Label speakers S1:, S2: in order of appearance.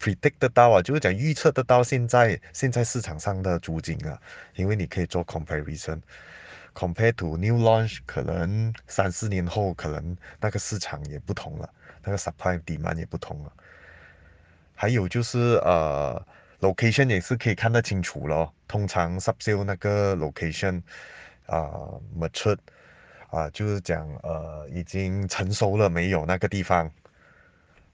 S1: Predict 得到啊，就是講預測得到現在現在市場上的租金啊，因為你可以做 comparison，compare to new launch，可能三四年後可能那個市場也不同了，那個 supply demand 也不同了。還有就是呃 location 也是可以看得清楚咯，通常 sub-sale 那個 location 啊、呃、matured，啊、呃、就是講，呃，已經成熟了沒有那個地方。